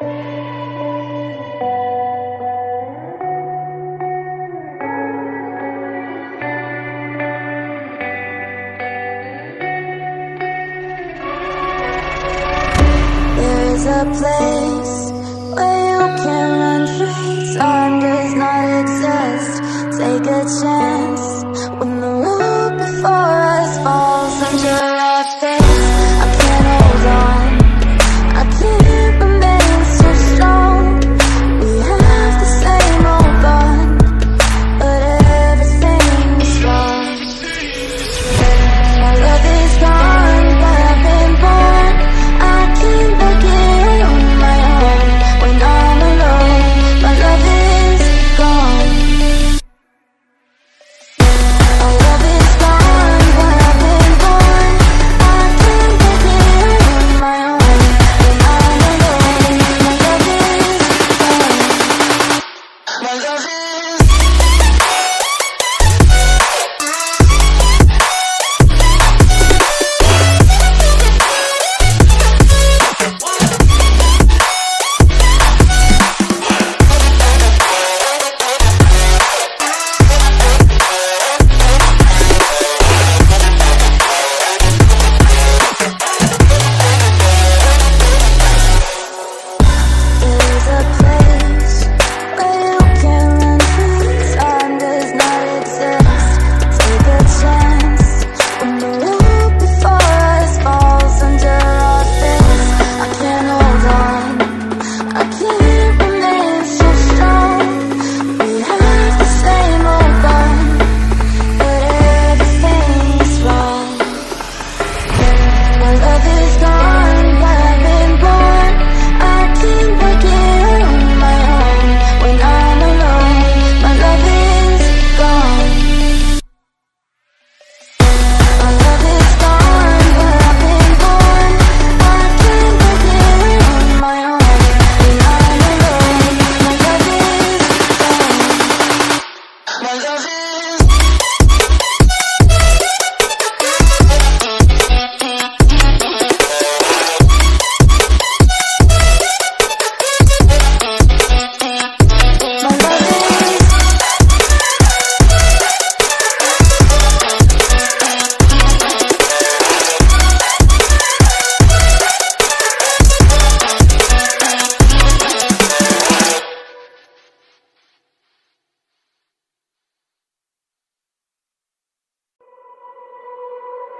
There's a place where you can run free. art does not exist. Take a chance.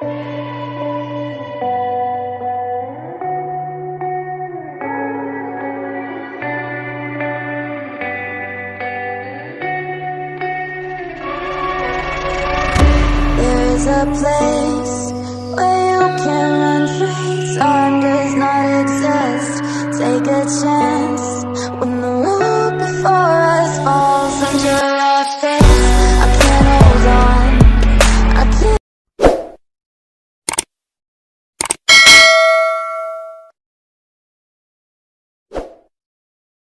There's a place where you can learn things time does not exist. Take a chance when the road before us falls under.